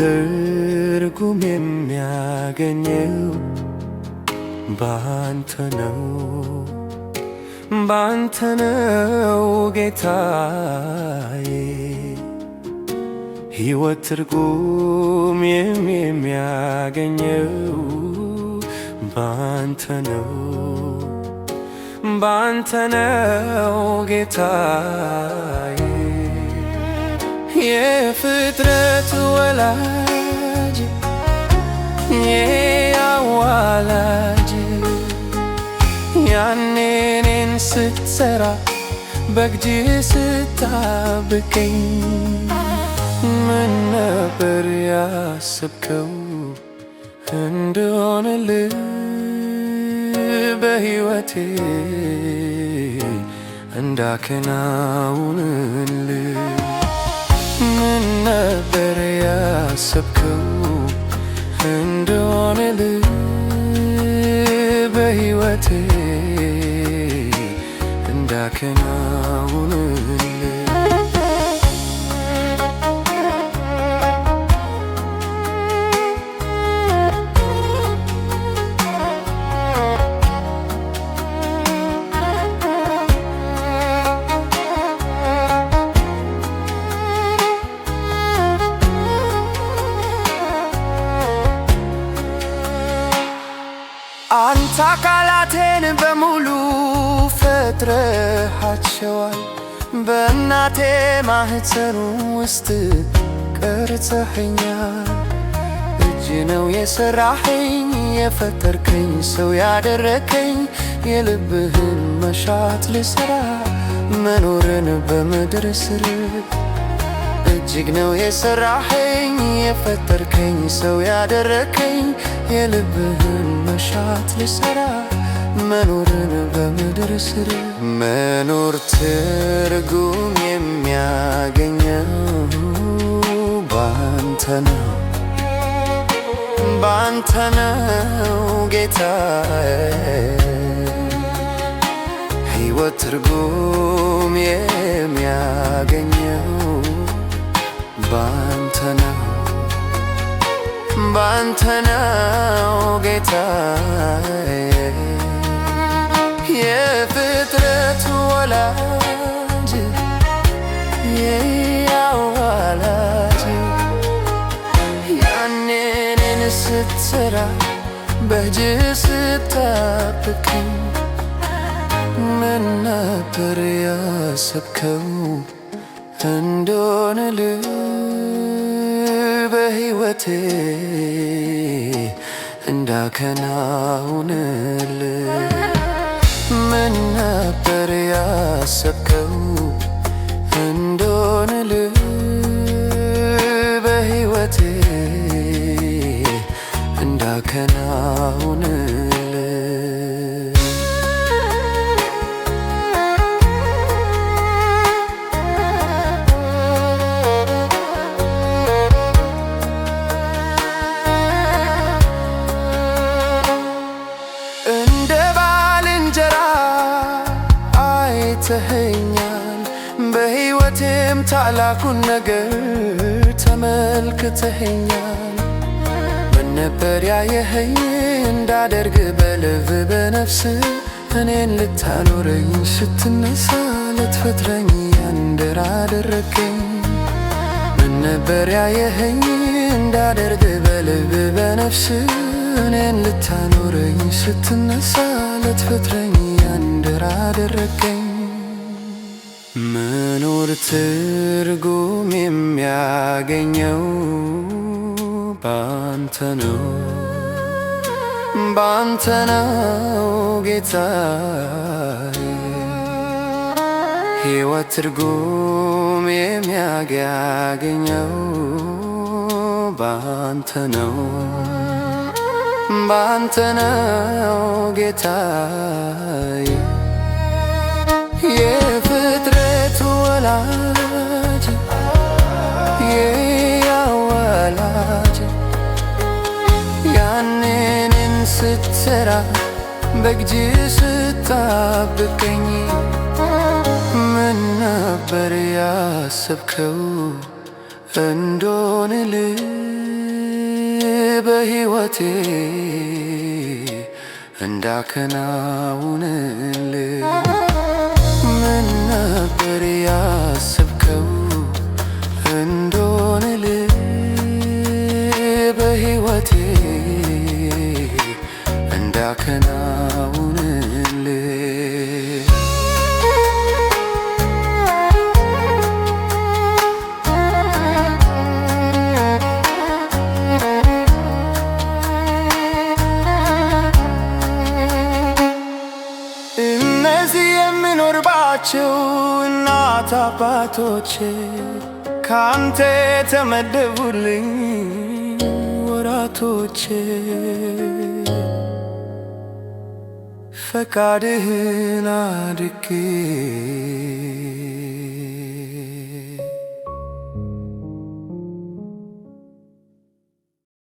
ትርጉም የሚያገኘው ባንተ ነው ባንተ ነው ጌታዬ፣ ሕይወት ትርጉም የሚያገኘው ባንተ ነው ባንተ ነው ጌታዬ የፍጥረት ወላጅ የአዋላጅ ያኔ እኔን ስትሰራ በግጅ ስታብቀኝ ምን ነበር ያሰብከው እንደሆነልህ በሕይወቴ እንዳከናውንልህ nadariya sabko and one le bahi wate and i can only ፍጥረቴን በሙሉ ፈጥረሃቸዋል። በእናቴ ማህፀን ውስጥ ቀርጸኸኛል። እጅ ነው የሰራኸኝ፣ የፈጠርከኝ፣ ሰው ያደረከኝ። የልብህን መሻት ልሰራ መኖርን በምድር ስር እጅግ ነው የሰራኸኝ፣ የፈጠርከኝ፣ ሰው ያደረከኝ። የልብህን መሻት ልሰራ መኖርን በምድር ስር መኖር ትርጉም የሚያገኘው ባንተ ነው ባንተ ነው ጌታዬ ሕይወት ትርጉም የሚያገኘው ባንተ ነው ባንተ ነው ጌታዬ ስራ በእጅ ስታብከኝ ምን ነበር ያሰብከው እንደሆንል በሕይወቴ እንዳከናውንል ምን ነበር ያሰብከው ይከናውንልን። እንደ ባልንጀራ አይተኸኛል፣ በሕይወቴም ታላኩን ነገር ተመልክተኸኛል። ነበር ያየኸኝ እንዳደርግ በልብ በነፍስ እኔን ልታኖረኝ ስትነሳ ልትፈጥረኝ ያንደራ አደረገኝ። ምን ነበር ያየኸኝ እንዳደርግ በልብ በነፍስ እኔን ልታኖረኝ ስትነሳ ልትፈጥረኝ ያንደራ አደረገኝ። መኖር ትርጉም የሚያገኘው ባንተ ነው ባንተ ነው ጌታዬ ሕይወት ትርጉም የሚያገኘው ባንተ ነው ባንተ ነው ጌታዬ የፍጥረት ወላ ስትሰራ በእጅ ስታብቀኝ ምን ነበር ያሰብከው እንደሆንል በሕይወቴ እንዳከናውንል የምኖርባቸው እናት አባቶቼ ካንተ ተመደቡልኝ ወራቶቼ ፈቃድህን አድጌ